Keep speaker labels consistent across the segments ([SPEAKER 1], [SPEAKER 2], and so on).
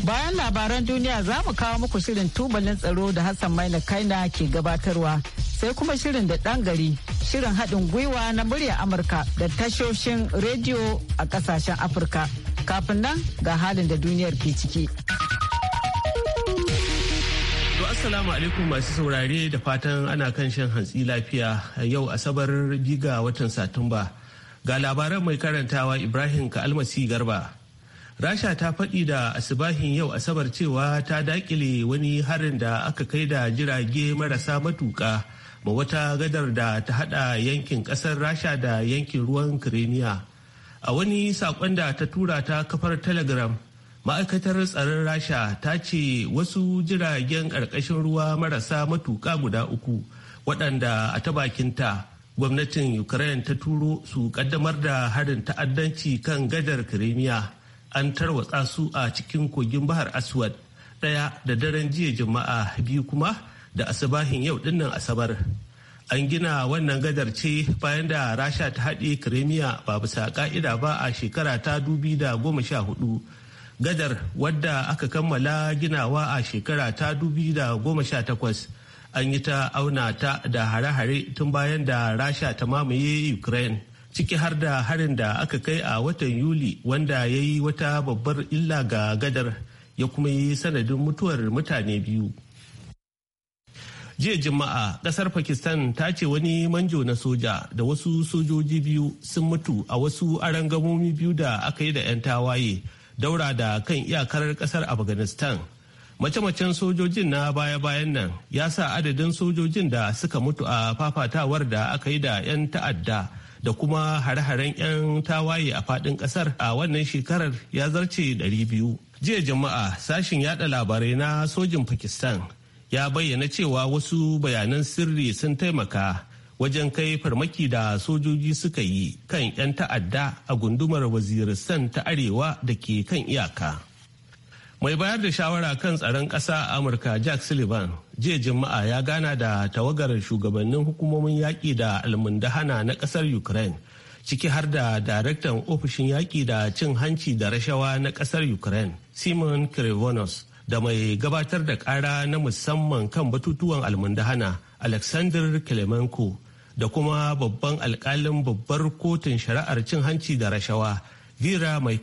[SPEAKER 1] Bayan labaran duniya za mu kawo muku shirin tubalin tsaro da Hassan Maina Kaina ke gabatarwa sai kuma shirin da ɗan gari shirin haɗin gwiwa na murya Amurka da tashoshin rediyo a ƙasashen Afirka. Kafin nan ga halin da duniyar ke ciki.
[SPEAKER 2] Assalamu alaikum masu saurare da fatan ana kan shan hantsi lafiya yau asabar biga watan Satumba. Ga labaran mai karantawa Ibrahim Ka'almasi Garba. rasha ta faɗi da asibahin yau asabar cewa ta daƙile wani harin da aka kai da jirage marasa matuƙa ma wata gadar da ta haɗa yankin ƙasar rasha da yankin ruwan kiremiya a wani saƙon da ta tura ta kafar telegram ma'aikatar tsaron rasha ta ce wasu jiragen ƙarƙashin ruwa marasa matuƙa guda uku waɗanda a ta bakinta gwamnatin ukraine ta turo su ƙaddamar da harin ta'addanci kan gadar kiremiya an tarwatsa su a cikin kogin bahar aswad ɗaya da daren jiya jama'a biyu kuma da asibahin yau dinnan asabar an gina wannan gadar ce bayan da rasha ta haɗe kremiya ba bisa ka'ida ba a shekara ta dubi da goma sha hudu gadar wadda aka kammala ginawa a shekara ta dubi da goma sha takwas an yi ta auna ta da hare-hare tun bayan da rasha ta mamaye ukraine ciki har da harin da aka kai a watan yuli wanda ya yi wata babbar illa ga gadar ya kuma yi sanadin mutuwar mutane biyu jiya juma'a kasar pakistan ta ce wani manjo na soja da wasu sojoji biyu sun mutu a wasu arangamomi biyu da aka yi da 'yan tawaye daura da kan iyakar kasar afghanistan mace-macen sojojin na baya-bayan nan ya sa adadin sojojin da suka mutu a fafatawar da aka yi da 'yan ta'adda da kuma hare-haren 'yan tawaye a fadin kasar. a wannan shekarar ya zarce 200. Jiya jama'a sashin yada labarai na sojin Pakistan ya bayyana cewa wasu bayanan sirri sun taimaka wajen kai farmaki da sojoji suka yi kan 'yan ta'adda a gundumar waziristan ta arewa da ke kan iyaka. mai bayar da shawara kan tsaron ƙasa a amurka jack sullivan jiya juma'a ya gana da tawagar shugabannin hukumomin yaƙi da almundahana na ƙasar ukraine ciki har da daraktan ofishin yaƙi da cin hanci da rashawa na ƙasar ukraine simon krivonos da mai gabatar da ƙara na musamman kan batutuwan almundahana alexander klemenko da kuma babban alkalin babbar kotun shari'ar cin hanci da rashawa vera mai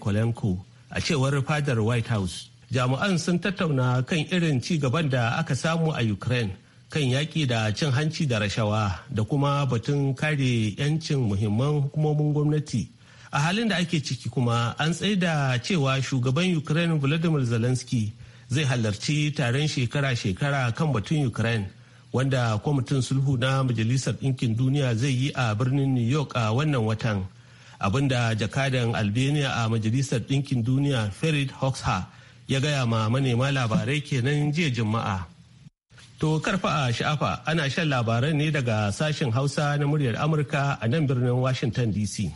[SPEAKER 2] a cewar fadar white house jami'an sun tattauna kan irin ci gaban da aka samu a ukraine kan yaƙi da cin hanci da rashawa da kuma batun kare 'yancin muhimman hukumomin gwamnati a halin da ake ciki kuma an tsaida cewa shugaban ukraine vladimir zelensky zai halarci taron shekara-shekara kan batun ukraine wanda kwamitin sulhu na majalisar ɗinkin duniya zai yi a birnin new york a wannan watan abinda jakadan albania a majalisar ɗinkin duniya ferid hoxha ya gaya ma manema labarai kenan jiya juma'a to karfa a sha'afa ana shan labaran ne daga sashen hausa na muryar amurka a nan birnin washington dc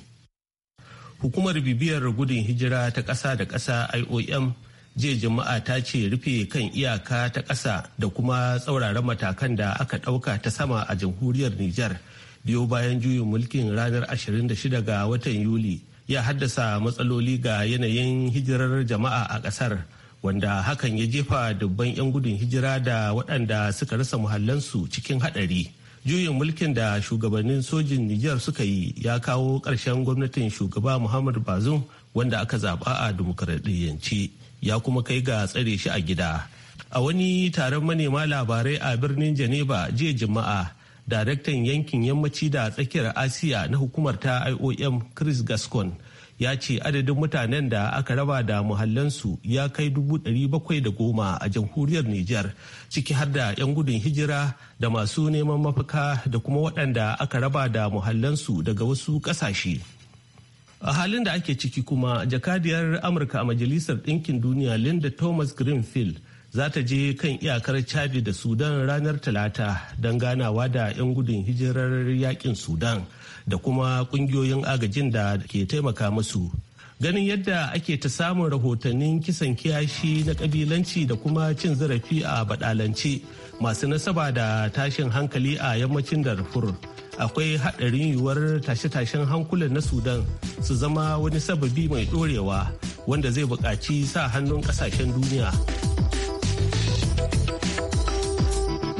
[SPEAKER 2] hukumar bibiyar gudun hijira ta ƙasa da ƙasa iom jiya juma'a ta ce rufe kan iyaka ta ƙasa da kuma tsauraran matakan da aka ɗauka ta sama a jamhuriyar Nijar biyo bayan juyin mulkin ranar 26 ga watan Yuli ya haddasa matsaloli ga yanayin hijirar jama'a a ƙasar wanda hakan ya jefa dubban 'yan gudun hijira da waɗanda suka rasa muhallansu cikin haɗari. Juyin mulkin da shugabannin sojin Nijar suka yi ya kawo ƙarshen gwamnatin shugaba Muhammad Bazum wanda aka zaɓa a dimokuraɗiyyance ya kuma kai ga tsare shi a gida. A wani taron manema labarai a birnin Geneva jiya Juma'a daraktan yankin yammaci da tsakiyar asiya na hukumar ta iom chris gascon ya ce adadin mutanen da aka raba da muhallansu ya kai dubu bakwai da goma a jamhuriyar Nijar ciki har da 'yan gudun hijira da masu neman mafaka da kuma waɗanda aka raba da muhallansu daga wasu ƙasashe. a halin da ake ciki kuma jakadiyar amurka a majalisar ɗinkin duniya linda thomas greenfield za ta je kan iyakar chadi da sudan ranar talata don ganawa da 'yan gudun hijirar yakin sudan. da kuma kungiyoyin agajin da ke taimaka musu ganin yadda ake ta samun rahotannin kisan kiyashi na kabilanci da kuma cin zarafi a badalance masu nasaba da tashin hankali a yammacin darfur akwai haɗarin yiwuwar tashe-tashen hankulan na sudan su zama wani sababi mai ɗorewa wanda zai buƙaci sa hannun ƙasashen duniya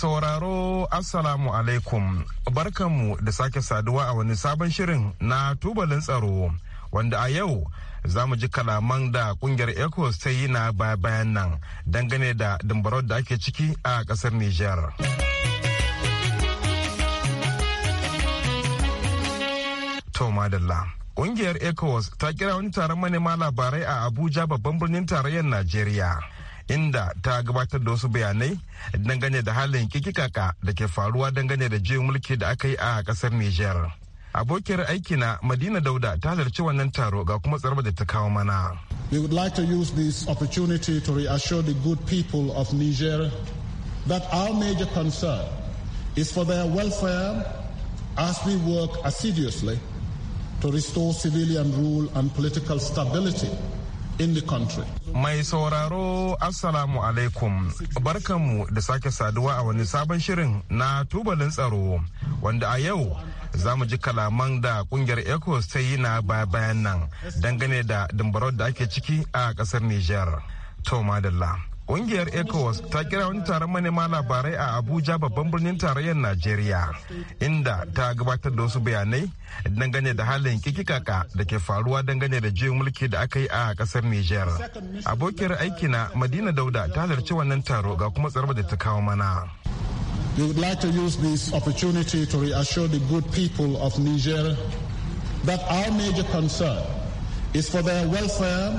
[SPEAKER 3] sauraro Assalamu alaikum. Barkanmu da sake saduwa a wani sabon shirin na tubalin tsaro wanda a yau za mu ji kalaman da kungiyar ecos ta yi na bayan nan dangane da dambarau da ake ciki a kasar niger. Kungiyar ECOWAS ta kira wani taron manema labarai a Abuja babban birnin tarayyar Najeriya. inda ta gabatar da wasu bayanai dangane da halin kikikaka da ke faruwa dangane da juyin mulki da aka yi a kasar Nijar. Abokiyar aikina Madina Dauda ta halarci wannan taro ga kuma tsarba da ta kawo mana.
[SPEAKER 4] We would like to use this opportunity to reassure the good people of Niger that our major concern is for their welfare as we work assiduously to restore civilian rule and political stability in the country.
[SPEAKER 3] Mai sauraro Assalamu alaikum barkanmu da sake saduwa a wani sabon shirin na tubalin tsaro wanda a yau za mu ji kalaman da kungiyar ECOWAS ta yi na bayan nan dangane da dimbarau da ake ciki a kasar Nijar. Tom Ƙungiyar ECOWAS ta kira wani taron manema labarai a Abuja babban birnin tarayyar Najeriya, inda ta gabatar da wasu bayanai dangane da halin kikikaka da ke faruwa dangane da juyin mulki da aka yi a ƙasar Nijar. Abokiyar aikina Madina Dauda ta halarci wannan taro ga kuma tsarba da ta kawo mana.
[SPEAKER 4] We would like to use this opportunity to reassure the good people of Niger that our major concern is for their welfare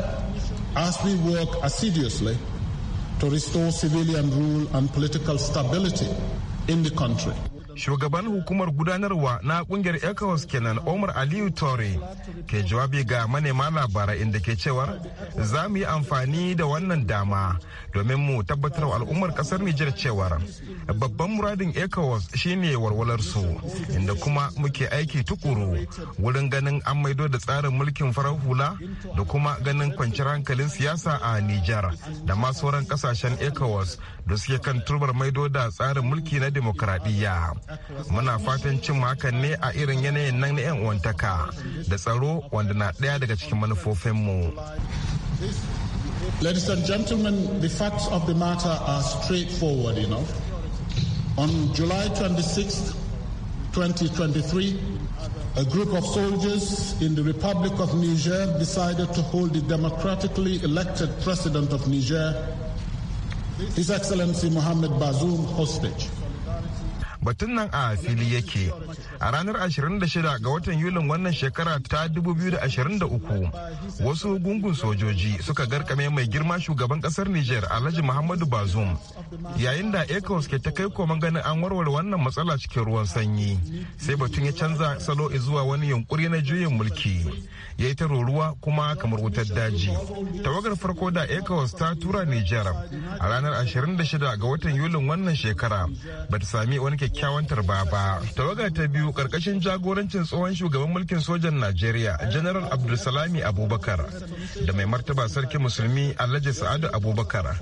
[SPEAKER 4] as we work assiduously to restore civilian rule and political stability in the country. shugaban hukumar gudanarwa
[SPEAKER 3] na kungiyar ecowas kenan omar aliyu tore ke jawabi ga manema labarai inda ke cewar za mu yi amfani da wannan dama domin mu tabbatar wa al'ummar kasar nijar cewar babban muradin ecowas shine walwalar su inda kuma muke aiki tukuru wurin ganin an maido da tsarin mulkin farar hula da kuma ganin kwanciyar hankalin siyasa a nijar da ma sauran kasashen ecowas da suke kan turbar maido da tsarin mulki na demokradiyya muna fatan cin hakan ne a irin yanayin nan na 'yan uwantaka da tsaro wanda na ɗaya daga cikin manufofinmu
[SPEAKER 4] Ladies and gentlemen, the facts of the matter are straightforward enough. On July 26, 2023, a group of soldiers in the Republic of Niger decided to hold the democratically elected president of Niger, His Excellency Mohammed Bazoum hostage.
[SPEAKER 3] Batun nan a fili yake a ranar 26 ga watan yulin wannan shekara ta 2023 wasu gungun sojoji suka garkame mai girma shugaban kasar niger alhaji muhammadu bazum yayin da ecos ke ta kai koma ganin an warware wannan matsala cikin ruwan sanyi sai batun ya canza salo zuwa wani yunkuri na juyin mulki ya yi ta ruwa kuma kamar wutar daji tawagar farko da ecos ta tura niger a ranar 26 ga watan yulin wannan shekara bata sami wani kyakkyawan tarba ba tawagar ta biyu biyu karkashin jagorancin tsohon shugaban mulkin sojan najeriya general abdulsalami abubakar da mai martaba sarki musulmi alhaji sa'adu abubakar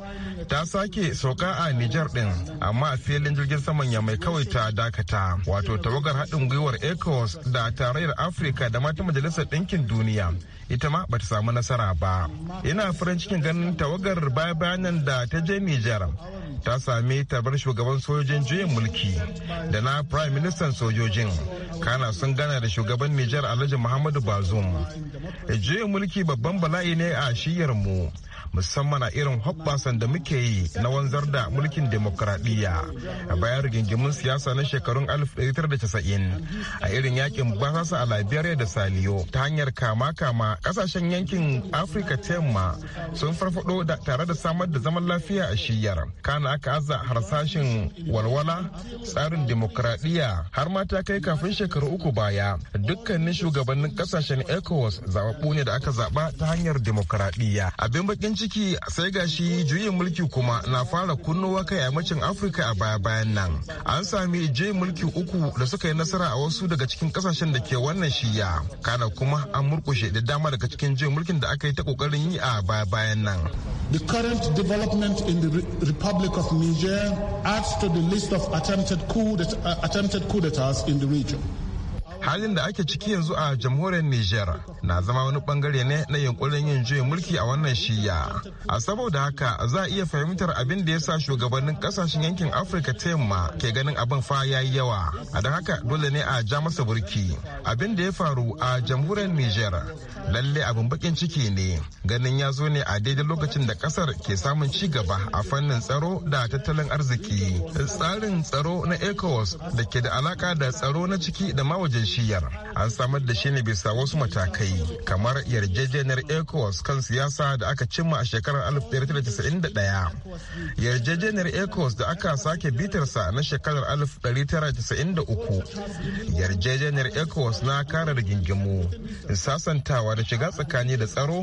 [SPEAKER 3] ta sake sauka a nijar din amma a filin jirgin saman ya mai kawai ta dakata wato tawagar haɗin gwiwar ecos da tarayyar afirka da mata majalisar ɗinkin duniya ita ma bata samu nasara ba ina farin cikin ganin tawagar baya bayanan da ta je nijar ta sami tabar shugaban sojojin juyin mulki da na prime ministan sojojin kana sun gana da shugaban nijar alhaji muhammadu bazum juyin mulki babban bala'i ne a shiyar mu musamman a irin hoɓɓasan da muke yi na wanzar da mulkin demokradiyya a bayan rigingimin siyasa na shekarun 1990 a irin yakin basasa a liberia da saliyo ta hanyar kama-kama kasashen yankin afirka ta yamma sun farfado da tare da samar da zaman lafiya a shiyar kana aka aza harsashin walwala tsarin demokradiyya har ma ta kai kafin shekaru uku baya dukkanin shugabannin kasashen ecowas zababu ne da aka zaba ta hanyar demokradiyya abin bakin ciki ciki sai gashi juyin mulki kuma na fara kunnuwa kai yammacin afirka a baya-bayan nan an sami juyin mulki uku da suka yi nasara a wasu daga cikin kasashen da ke wannan shiya kana kuma an murkushe da dama daga cikin juyin mulkin da aka yi ta kokarin yi a baya-bayan nan
[SPEAKER 4] The current development in the Republic of Niger adds to the list of attempted coup, that, uh, attempted coup has in the region. halin da ake ciki yanzu
[SPEAKER 3] a jamhuriyar nijar na zama wani bangare ne na yunkurin yin juyin mulki a wannan shiya a saboda haka za a iya fahimtar abin da ya sa shugabannin kasashen yankin afirka ta yamma ke ganin abin fa ya yi yawa a don haka dole ne a ja masa burki abin da ya faru a jamhuriyar nijar lalle abin bakin ciki ne ganin ya zo ne a daidai lokacin da kasar ke samun ci gaba a fannin tsaro da tattalin arziki tsarin tsaro na ecowas da ke da alaka da tsaro na ciki da mawajin shi shiyar an samar da shi ne bisa wasu matakai kamar yarjejeniyar ecowas kan siyasa da aka cimma a shekarar 1991 yarjejeniyar ecowas da aka sake bitarsa na shekarar 1993 yarjejeniyar ecowas na kare rigingimu sasantawa da shiga tsakani da tsaro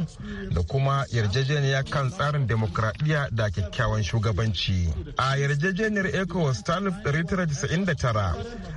[SPEAKER 3] da kuma yarjejeniya kan tsarin demokradiyya da kyakkyawan shugabanci a yarjejeniyar ecowas ta 1999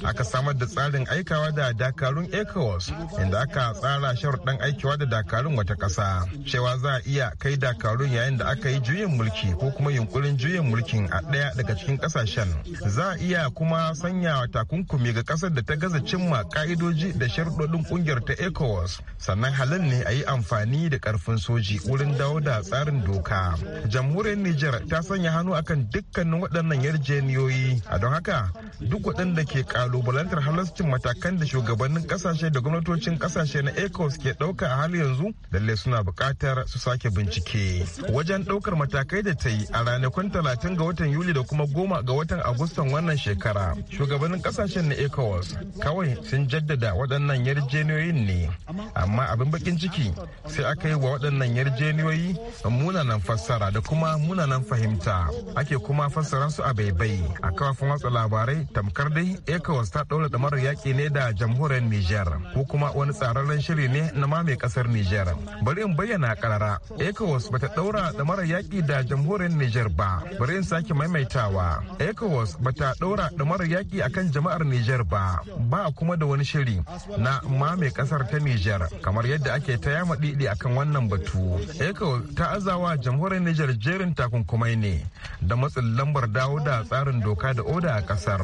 [SPEAKER 3] aka samar da tsarin aikawa da dakarun ecowas ecowas inda aka tsara sharuɗan aikewa da dakarun wata ƙasa cewa za a iya kai dakarun yayin da aka yi juyin mulki ko kuma yunkurin juyin mulkin a ɗaya daga cikin ƙasashen za a iya kuma sanya takunkumi ga ƙasar da ta gaza cimma ƙa'idoji da sharuɗoɗin ƙungiyar ta ecowas sannan halin ne a yi amfani da ƙarfin soji wurin dawo da tsarin doka jamhuriyar nijar ta sanya hannu akan dukkanin waɗannan yarjejeniyoyi a don haka duk waɗanda ke ƙalubalantar halastin matakan da shugabannin ƙasashen kasashe da gwamnatocin kasashe na ecos ke dauka a hali yanzu lalle suna bukatar su sake bincike wajen daukar matakai da ta yi a ranakun talatin ga watan yuli da kuma goma ga watan agustan wannan shekara shugabannin kasashen na ecos kawai sun jaddada waɗannan yarjeniyoyin ne amma abin bakin ciki sai aka yi wa waɗannan yarjeniyoyi munanan fassara da kuma munanan fahimta ake kuma fassara su a baibai a kafin watsa labarai tamkar dai ecos ta ɗaura ɗamarar yaƙi ne da jamhuriyar niger Niger ko kuma wani tsararren shiri ne na mame kasar Niger. Bari in bayyana karara ECOWAS bata daura da mara yaki da jamhuriyar Niger ba. Bari in sake maimaitawa. ECOWAS bata daura da mara yaki akan jama'ar Niger ba. Ba kuma da wani shiri na mame kasar ta Niger. kamar yadda ake ta yama didi akan wannan batu. ECOWAS ta azawa jamhuriyar Niger jerin takunkumai ne da matsin lambar dawo da tsarin doka da oda a kasar.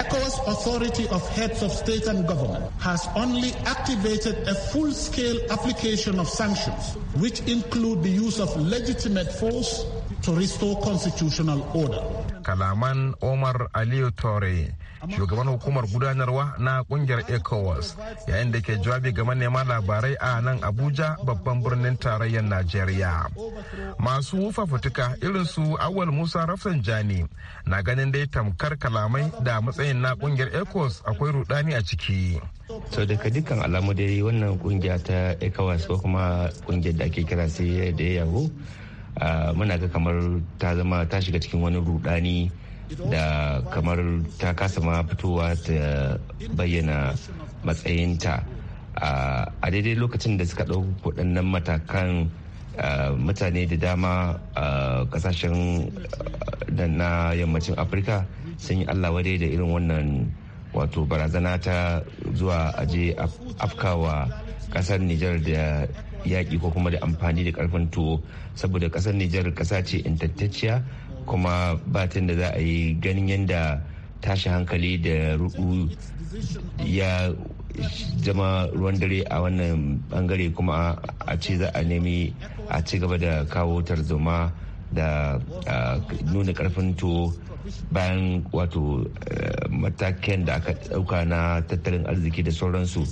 [SPEAKER 4] ECOWAS Authority of Heads of State and Government has only activated a full-scale application of sanctions, which include the use of legitimate force to restore constitutional order.
[SPEAKER 3] Kalaman Omar Aliyu Tore, shugaban hukumar gudanarwa na kungiyar ECOWAS, yayin da ke jawabi game neman labarai a nan Abuja babban birnin tarayyar Najeriya. Masu fafutuka irin su Awal Musa Rafsanjani na ganin dai tamkar kalamai da matsayin na kungiyar ECOWAS akwai rudani a ciki. so daga dukkan alamu dai
[SPEAKER 5] wannan kungiya ta ecowas ko kuma kungiyar da ake kira sai da yawo Ah, muna ga kamar ta zama ta shiga cikin wani rudani da kamar ta kasa ma fitowa ta bayyana matsayinta ah, a daidai lokacin da suka ɗau waɗannan matakan ah, mutane da dama a ƙasashen na yammacin afirka sun yi allah wadai da irin wannan wato barazana ta zuwa aje afkawa ƙasar nijar da yaƙi ko kuma da amfani da karfin tuwo saboda ƙasar nijar ƙasa ce intattaciya kuma batin da za a yi ganin yadda tashi hankali da rudu ya zama ruwan dare a wannan bangare kuma a ce za a nemi a ci gaba da kawo tarzoma da ah, nuna karfin tuwo bayan wato eh, matakin da aka dauka na tattalin arziki da sauransu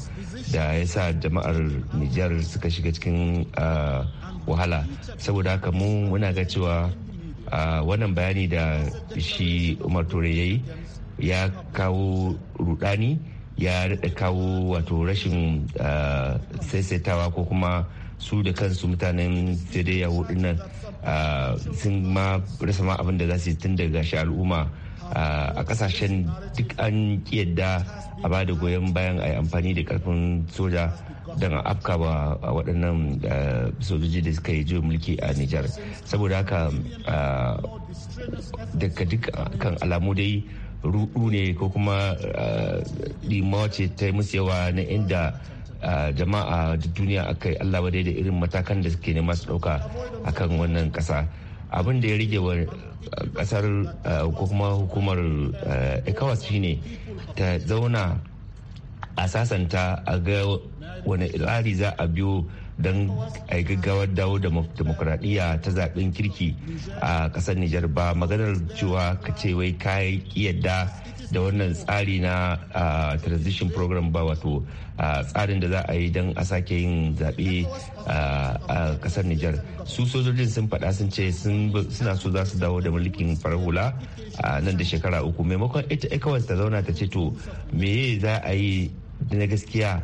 [SPEAKER 5] da ya sa jama'ar nijar suka shiga cikin ah, wahala saboda haka mu muna ga cewa ah, wannan bayani da shi umar ture ya yi ya kawo rudani ya kawo wato rashin ah, saisaitawa ko kuma su da kansu mutanen daidai yawo nan sun ma rasa ma abin da za su yi tun daga shi al'umma a kasashen duk an yadda a ba da goyon bayan a yi amfani da karfin soja don a afka ba waɗannan sojoji da suka yi juya mulki a nijar saboda haka daga kan alamu dai rudu ne ko kuma limawa ce ta musu yawa na inda jama'a da duniya akai kai allah da irin matakan da suke nema su ɗauka kan wannan kasa abin da ya rige wa kasar ko kuma hukumar ecowas shine ta zauna a sasanta a ga wani ilari za a biyo don a gaggawar dawo da demokuraɗiyya ta zaɓen kirki a ƙasar Nijar ba maganar cewa ka ce wai kayan yadda da wannan tsari na transition program ba wato tsarin da za a yi don a sake yin zaɓe a ƙasar Nijar. Su sojojin sun faɗa sun ce suna so za su dawo da mulkin farar hula nan da shekara uku maimakon ita ECOWAS ta zauna ta ce to me za a yi na gaskiya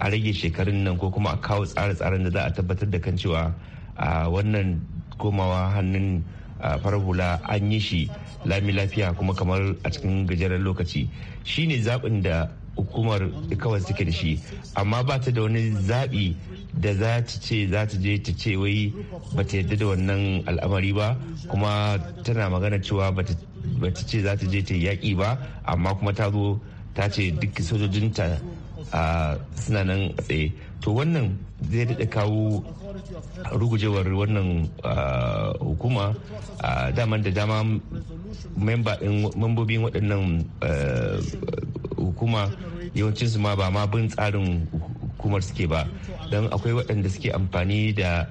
[SPEAKER 5] a rage shekarun nan ko kuma a kawo tsare-tsaren da za a tabbatar da kan cewa a wannan komawa hannun farar hula an yi shi lami lafiya kuma kamar a cikin gajeren lokaci shine zaɓin da hukumar kawai suke da shi amma ba ta da wani zaɓi da za ta ce za ta je ta ce wai ba ta yadda da wannan al'amari ba kuma tana magana cewa ba ta ce za ta je ta yaƙi ba amma kuma ta zo ta ce duk sojojinta a suna nan tsaye to wannan zai daɗa kawo rugujewar wannan hukuma daman da dama membobin waɗannan hukuma yawancinsu ma ba ma bin tsarin hukumar suke ba don akwai waɗanda suke amfani da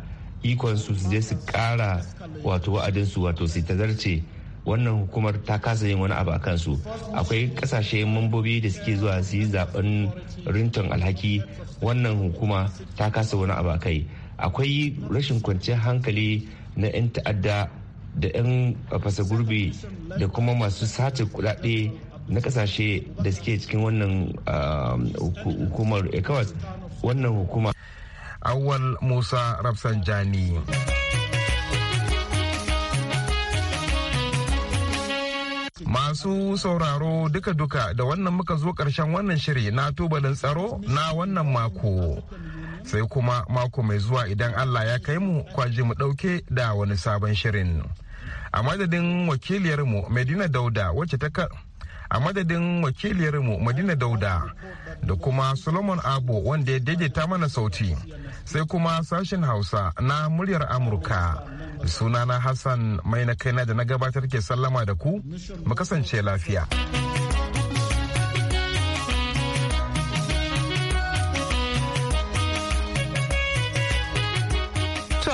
[SPEAKER 5] ikon su je su ƙara wato wa'adinsu wato su zarce. wannan hukumar ta kasa yin wani abu a kansu akwai kasashe mambobi da suke zuwa su yi zaben rinton alhaki wannan hukuma ta kasa wani abu a kai akwai rashin kwanciyar hankali na 'yan ta'adda da 'yan fasa gurbi da kuma masu sace kudade na kasashe da suke cikin wannan um, hukumar ecowas wannan
[SPEAKER 3] hukuma awal musa rafsanjani jani Masu sauraro duka-duka da wannan muka zo karshen wannan shiri na tubalin tsaro na wannan mako. Sai kuma mako mai zuwa idan Allah ya kai mu kwaji mu ɗauke da wani sabon shirin. A madadin wakiliyarmu Medina Dauda wacce ta a madadin wakiliyarmu madina dauda da kuma solomon abo wanda ya daidaita mana sauti sai kuma sashen hausa na muryar amurka sunana hassan mai na kaina da na gabatar ke sallama da ku mu kasance lafiya.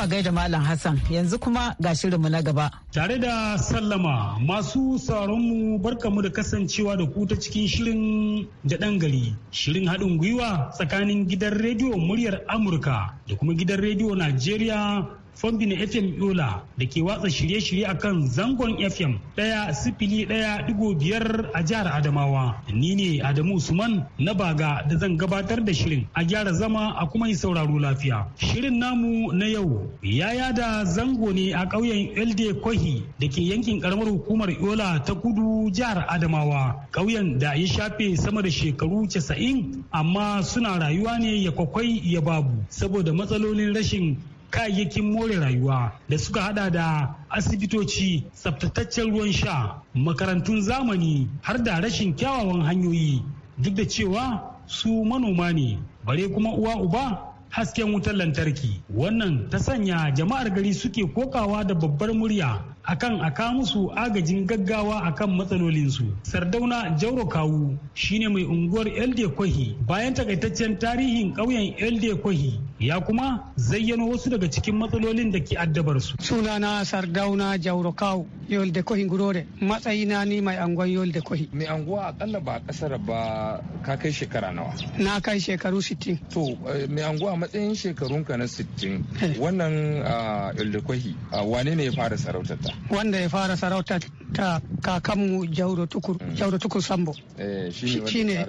[SPEAKER 6] a gaida Malam Hassan yanzu kuma ga shirinmu na gaba. Tare da sallama masu sauranmu barkamu da kasancewa da ku ta cikin shirin jaɗan gari. Shirin haɗin gwiwa tsakanin gidan rediyo muryar Amurka da kuma gidan rediyo Najeriya Fombin FM Yola da ke watsa shirye-shirye a kan zangon FM ɗaya sifili ɗaya digo biyar a jihar Adamawa. Ni ne Adamu Usman na baga da zan gabatar da shirin a gyara zama a kuma yi sauraro lafiya. Shirin namu na yau ya yada zango ne a ƙauyen Elde Kohi da ke yankin ƙaramar hukumar Yola ta kudu jihar Adamawa. Ƙauyen da ya shafe sama da shekaru casa'in amma suna rayuwa ne ya kwakwai ya babu saboda matsalolin rashin kayayyakin more rayuwa da suka hada da asibitoci tsabtataccen ruwan sha makarantun zamani har da rashin kyawawan hanyoyi duk da cewa su manoma ne bare kuma uwa uba hasken wutar lantarki wannan ta sanya jama'ar gari suke kokawa da babbar murya akan a kawo musu agajin gaggawa akan matsalolinsu. Sardauna Jauro Kawu shine mai unguwar Elde Kwahi bayan takaitaccen tarihin ƙauyen
[SPEAKER 7] Elde Kwahi ya kuma zayyano wasu daga cikin matsalolin da ke addabar su. Sunana Sardauna Jauro Kawu Elde Kwahi Gurore matsayina ni mai angon Elde Kwahi. Mai anguwa akalla ba kasar ba ka kai shekara nawa? Na kai shekaru 60. To eh,
[SPEAKER 8] mai anguwa matsayin shekarunka na 60 eh. wannan Elde ah, Kwahi ah, wane ne ya fara sarautar ta?
[SPEAKER 7] wanda ya fara sarauta ta kakanmu jauro tukur mm. jauro tukur sambo
[SPEAKER 8] eh, shi ne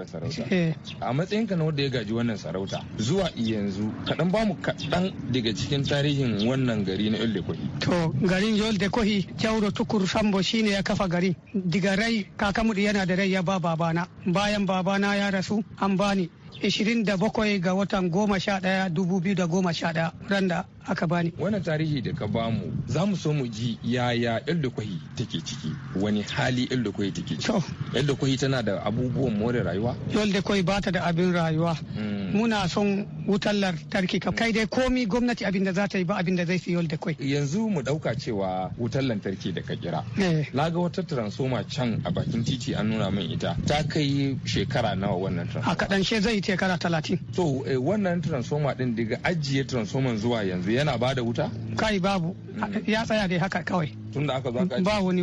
[SPEAKER 8] eh. a matsayin ka na wanda ya gaji wannan sarauta zuwa yanzu kadan ba mu kaɗan daga cikin tarihin wannan gari na yolde kohi
[SPEAKER 7] to garin yolde kohi jauro tukur sambo shi ne ya kafa gari diga rai kakanmu yana da rai ya ba babana bayan babana ya rasu an bani 27 ga watan 11 2011 randa aka bani wannan tarihi da ka bamu za mu so
[SPEAKER 8] mu ji yaya yar kwai take ciki wani hali yar kwai take ciki yar kwai tana da abubuwan more rayuwa
[SPEAKER 7] yar kwai ba ta da abin rayuwa hmm. muna son wutar lantarki kai dai komi gwamnati abin da za ta yi ba abin da zai fi yar kwai. yanzu mu dauka
[SPEAKER 8] cewa wutar lantarki da ka kira eh. na ga wata transoma can a bakin titi an nuna min ita ta kai shekara nawa wannan transoma
[SPEAKER 7] a kaɗan zai yi shekara talatin to eh, wannan
[SPEAKER 8] transoma din daga ajiye transoma zuwa yanzu yana ba da wuta
[SPEAKER 7] kai babu hmm. ya tsaya dai haka kawai
[SPEAKER 8] tun da aka zaka aka ba wani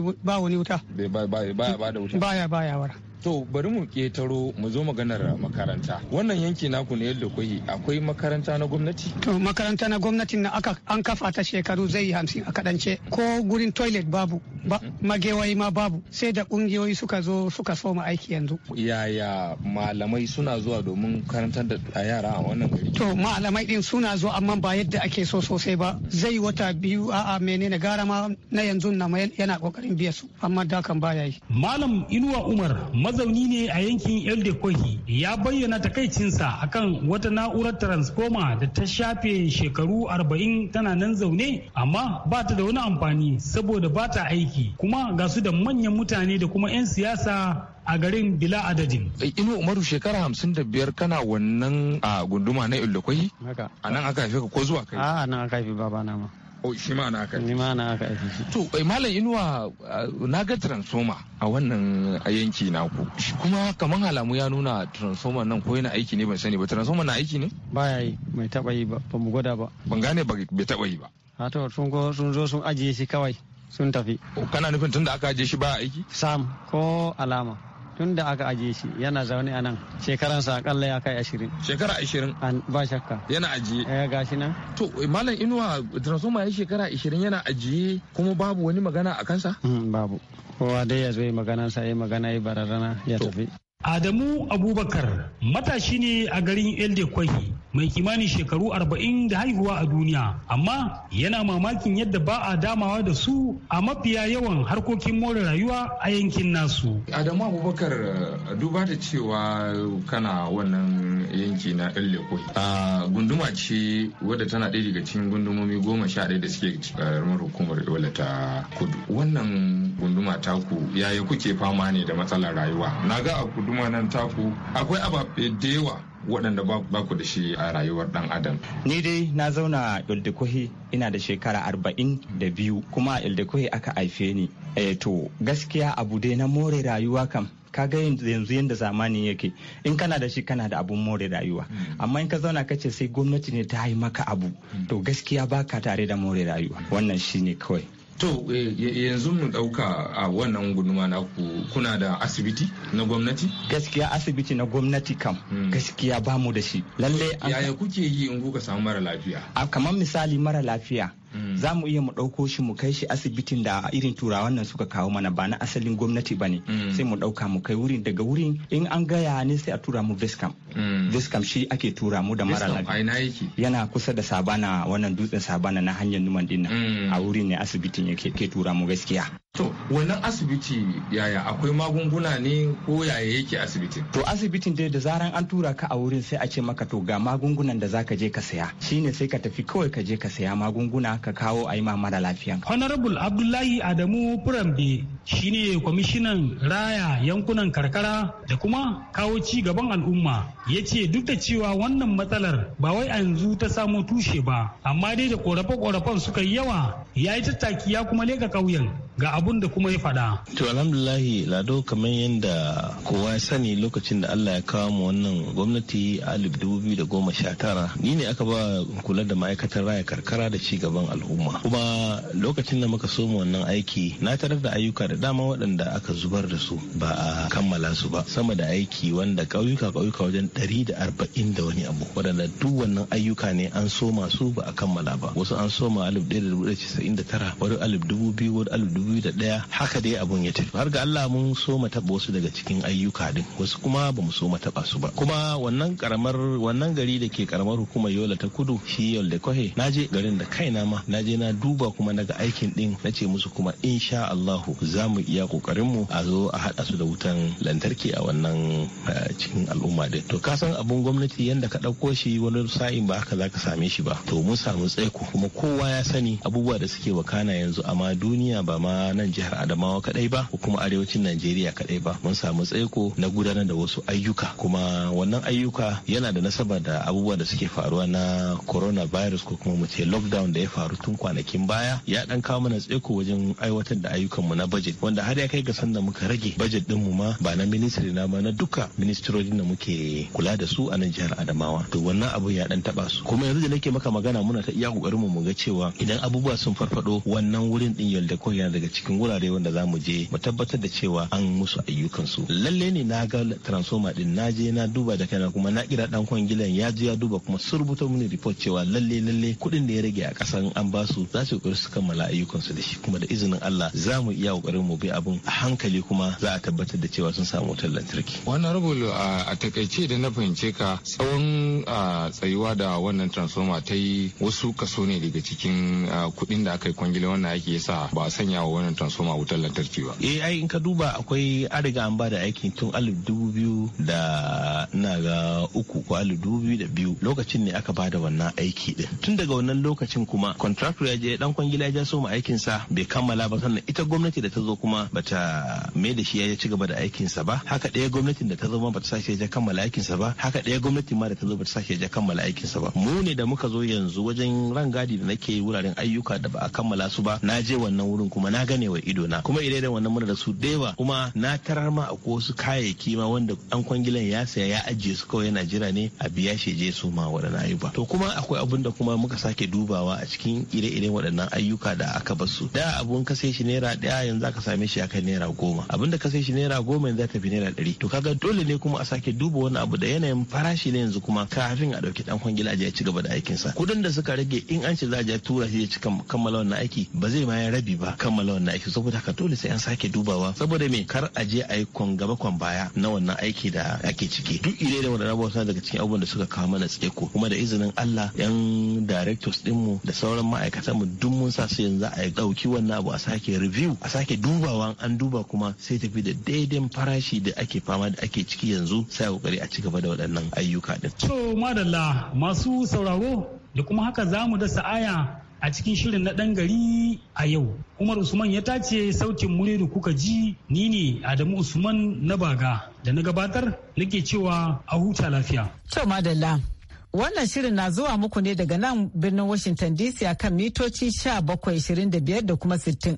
[SPEAKER 8] wuta baya ba da wuta
[SPEAKER 7] baya baya wara
[SPEAKER 8] To bari mu ƙetaro mu zo maganar makaranta. Wannan yanki naku ne yadda kuyi akwai
[SPEAKER 7] makaranta na gwamnati? To makaranta na gwamnati na aka an kafa ta shekaru zai yi hamsin a kadance ko gurin toilet babu ba mhm. magewayi ma babu sai da ƙungiyoyi suka zo suka soma aiki yanzu.
[SPEAKER 8] Yaya malamai suna zuwa domin karantar da yara a wannan gari?
[SPEAKER 7] To malamai din suna zuwa amma ba yadda ake so sosai ba zai wata biyu a'a menene gara ma na yanzu na yana kokarin biya su amma dakan baya yi. Malam Inuwa Umar
[SPEAKER 6] mazauni ne a yankin eldekohi ya bayyana takaicinsa akan wata na'urar transformer da ta shafe shekaru 40 tana nan zaune amma ba ta da wani amfani saboda ba ta aiki kuma ga su da manyan mutane da kuma 'yan siyasa a garin bila adadin.
[SPEAKER 8] Inu Umaru shekara hamsin da biyar kana wannan a gunduma na Ildokwai? A nan aka haife ka ko zuwa kai? A nan aka haife babana ma. o shi ma na aka ni ma na aka to eh, malam inuwa eh, na ga transformer a wannan yanki na ku kuma kaman alamu ya nuna transformer nan ko yana aiki ne ban sani ba transformer na aiki ne baya yi mai taba yi ba ba mu gwada ba ban gane ba bai taba yi ba
[SPEAKER 9] a to sun zo sun ajiye shi
[SPEAKER 8] kawai sun tafi kana nufin tunda aka ajiye shi ba aiki sam ko alama tun da aka ajiye shi yana zaune a nan shekaransa akalla ya kai ashirin shekara ashirin ba shakka yana ajiye eh gashi nan to malam inuwa transformer ya shekara ashirin yana ajiye kuma babu wani magana a kansa hmm, babu kowa dai ya zo yi magana sa yi magana yi bararana ya
[SPEAKER 6] tafi Adamu Abubakar matashi ne a garin Elde Kwahi mai kimanin shekaru arba'in da haihuwa a duniya amma yana mamakin yadda ba a damawa da su a mafiya yawan harkokin more rayuwa a yankin nasu adamu abubakar
[SPEAKER 8] duba da cewa kana wannan yanki na ɗan lekoi a gunduma ce wadda tana ɗaya daga cikin gundumomi goma sha ɗaya da suke ƙaramar hukumar dole ta kudu wannan gunduma taku yaya kuke fama ne da matsalar rayuwa na
[SPEAKER 9] ga a gunduma nan taku akwai ababe da yawa waɗanda ba ku da shi a rayuwar ɗan adam. Ni dai na zauna Ildekohi ina da shekara arba'in da biyu kuma a aka haife ni. e to gaskiya abu dai na more rayuwa kam ga yanzu yadda zamani yake in kana da shi kana da abun more rayuwa hmm. amma in ka zauna ka ce sai gwamnati ne ta yi maka abu hmm. to gaskiya baka tare da more rayuwa wannan shine kawai
[SPEAKER 8] To eh, yanzu mu ɗauka a wannan guduma na ku kuna da asibiti na
[SPEAKER 9] gwamnati? Gaskiya asibiti na gwamnati kam hmm. gaskiya ba mu da shi. Lalle
[SPEAKER 8] yaya kuke yi in kuka samu mara lafiya?
[SPEAKER 9] A kamar misali mara lafiya Mm. za mu iya mu ɗauko shi mu kai shi asibitin da irin turawan nan suka kawo mana ba na asalin gwamnati ba ne mm. sai mu ɗauka mu kai wurin daga wurin in an gaya ne sai a tura mu viscam mm. viscam shi ake tura mu da mara yana kusa da sabana wannan dutsen sabana na hanyar numan dinnan a wurin ne asibitin yake tura mu gaskiya
[SPEAKER 8] To wannan asibiti
[SPEAKER 9] yaya akwai magunguna ne ko yaya yake asibitin? To asibitin dai da zaran an tura ka a wurin sai a ce maka to ga magungunan da zaka je ka saya. shi ne sai ka tafi kawai ka je ka saya magunguna ka kawo a yi ma mara lafiya. Honorable
[SPEAKER 6] Abdullahi Adamu Furambe shine kwamishinan raya yankunan karkara da kuma kawo ci gaban al'umma ya ce duk da cewa wannan matsalar ba wai a yanzu ta samu tushe ba amma dai da korafe-korafen suka yi yawa ya yi tattaki ya kuma leka kauyen ga abun da kuma ya faɗa.
[SPEAKER 2] To alhamdulahi lado kamar yadda kowa ya sani lokacin da Allah ya kawo mu wannan gwamnati a alif dubu biyu da goma sha tara ni ne aka ba kula da ma'aikatar raya karkara da ci gaban al'umma kuma lokacin da muka so mu wannan aiki na tarar da ayyuka da dama waɗanda aka zubar da su ba a kammala su ba sama da aiki wanda ƙauyuka ƙauyuka wajen ɗari da arba'in da wani abu waɗanda duk wannan ayyuka ne an soma su ba a kammala ba wasu an soma alif ɗaya da dubu da tara wani alif dubu biyu wani alif dubu biyu da ɗaya haka dai abun ya tafi har ga Allah mun soma taɓa wasu daga cikin ayyuka din wasu kuma ba mu soma taɓa su ba kuma wannan karamar wannan gari da ke karamar hukumar Yola ta Kudu shi da Kohe na je garin da kaina ma na je na duba kuma naga aikin ɗin na ce musu kuma insha Allahu za za mu iya kokarinmu a zo a haɗa su da wutan lantarki a wannan cikin al'umma din to ka san abun gwamnati yanda ka ɗauko shi wani sa'in ba haka za ka same shi ba to mun samu tsaiko kuma kowa ya sani abubuwa da suke wakana yanzu amma duniya ba ma nan jihar adamawa kaɗai ba ko kuma arewacin najeriya kaɗai ba mun samu tsaiko na gudanar da wasu ayyuka kuma wannan ayyuka yana da nasaba da abubuwa da suke faruwa na coronavirus ko kuma mu ce lockdown da ya faru tun kwanakin baya ya ɗan kawo mana tsaiko wajen aiwatar da ayyukanmu na budget budget wanda har ya kai ga sanda muka rage budget din mu ma ba na ministry na ba na duka ministrojin da muke kula da su a nan jihar Adamawa to wannan abu ya dan taba su kuma yanzu da nake maka magana muna ta iya kokarin mu mu ga cewa idan abubuwa sun farfado wannan wurin din yalda ko yana daga cikin wurare wanda zamu je mu tabbatar da cewa an musu ayyukan su lalle ne na ga transformer din na je na duba da kana kuma na kira dan kwangilan ya je ya duba kuma sun rubuta mini report cewa lalle lalle kuɗin da ya rage a kasan an basu za su kokari su kammala ayyukan su da shi kuma da izinin Allah za mu iya kokarin kokarin mu bi abin a hankali kuma za a tabbatar da cewa sun samu wutar lantarki
[SPEAKER 8] wannan rubulu a takaice da na fahimce ka tsawon tsayuwa da wannan transforma ta yi wasu kaso ne daga cikin kuɗin da aka yi kwangila wannan aiki yasa ba a sanya wa wannan transforma wutar lantarki ba
[SPEAKER 2] eh ai in ka duba akwai an riga an bada aiki tun alif dubu biyu da ina ga uku ko alif dubu biyu da biyu lokacin ne aka ba da wannan aiki din tun daga wannan lokacin kuma contractor ya je dan kwangila ya ja so ma aikin sa bai kammala ba sannan ita gwamnati da ta zo zo kuma bata mai da shi ya ci gaba da aikinsa ba haka ɗaya gwamnatin da ta zo ma bata sake ya kammala aikinsa ba haka ɗaya gwamnatin ma da ta zo bata sake ya kammala aikinsa ba mu ne da muka zo yanzu wajen rangadi da nake wuraren ayyuka da ba a kammala su ba na je wannan wurin kuma na gane wa ido na kuma idan da wannan muna da su dewa kuma na tarar ma akwai wasu kayayyaki ma wanda an kwangilan ya saya ya ajiye su kawai yana jira ne a biya shi je su ma waɗannan ayyuka to kuma akwai abun da kuma muka sake dubawa a cikin ire-iren waɗannan ayyuka da aka basu da abun kasai shi naira ɗaya yanzu aka ka same shi akan naira goma abinda ka sai shi naira goma yanzu ka fi naira ɗari to kaga dole ne kuma a sake duba wani abu da yanayin farashi ne yanzu kuma kafin a ɗauki ɗan kwangila ya ci gaba da sa kuɗin da suka rage in an ce za a je tura shi ya ci kammala wannan aiki ba zai ma ya rabi ba kammala wannan aiki saboda haka dole sai an sake dubawa saboda me kar a je a yi kwan gaba kwan baya na wannan aiki da ake ciki duk ire da wannan abubuwan daga cikin abubuwan da suka kawo mana ko kuma da izinin Allah yan directors dinmu da sauran ma'aikatan mu duk mun sa su yanzu a ɗauki wannan abu a sake review a sake duba dubawa an duba kuma sai tafi da daidai farashi da ake fama da ake ciki yanzu sai a kokari a ci gaba da waɗannan ayyuka din.
[SPEAKER 6] To madalla masu sauraro da kuma haka za mu dasa aya a cikin shirin na ɗan gari a yau. Umar Usman ya tace sautin mure da kuka ji ni ne Adamu Usman na baga da na gabatar nake cewa a huta lafiya. To madalla. Wannan shirin na zuwa
[SPEAKER 1] muku ne daga nan birnin Washington DC a kan mitoci 1725 da kuma 60.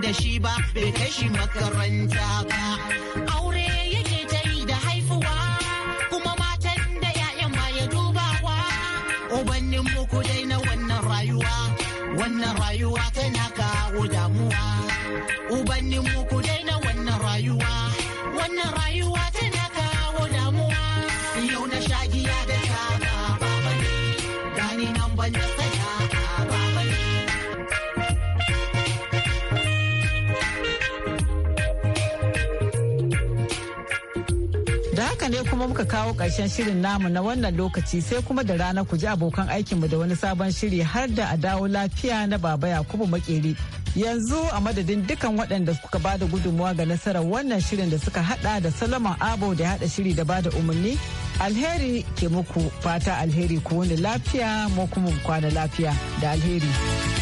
[SPEAKER 1] da shi ba bai kai shi makaranta ba aure yake ta yi da haifuwa kuma matan da 'ya'yan ma ya dubawa ubannin muku dai na wannan rayuwa wannan rayuwa tana kawo damuwa ubannin muku dai na wannan rayuwa wannan rayuwa tana kawo damuwa yau na shagiya da ta ba ba ne gani nan ban da ne kuma muka kawo ƙarshen shirin namu na wannan lokaci sai kuma da rana ku ji abokan aikinmu da wani sabon shiri har da a dawo lafiya na baba yakubu makeri yanzu a madadin dukan waɗanda suka bada gudunmuwa ga nasarar wannan shirin da suka hada da salaman abo da hada shiri da bada umarni alheri ke muku fata alheri ku wani lafiya mu kuma kwana lafiya da alheri.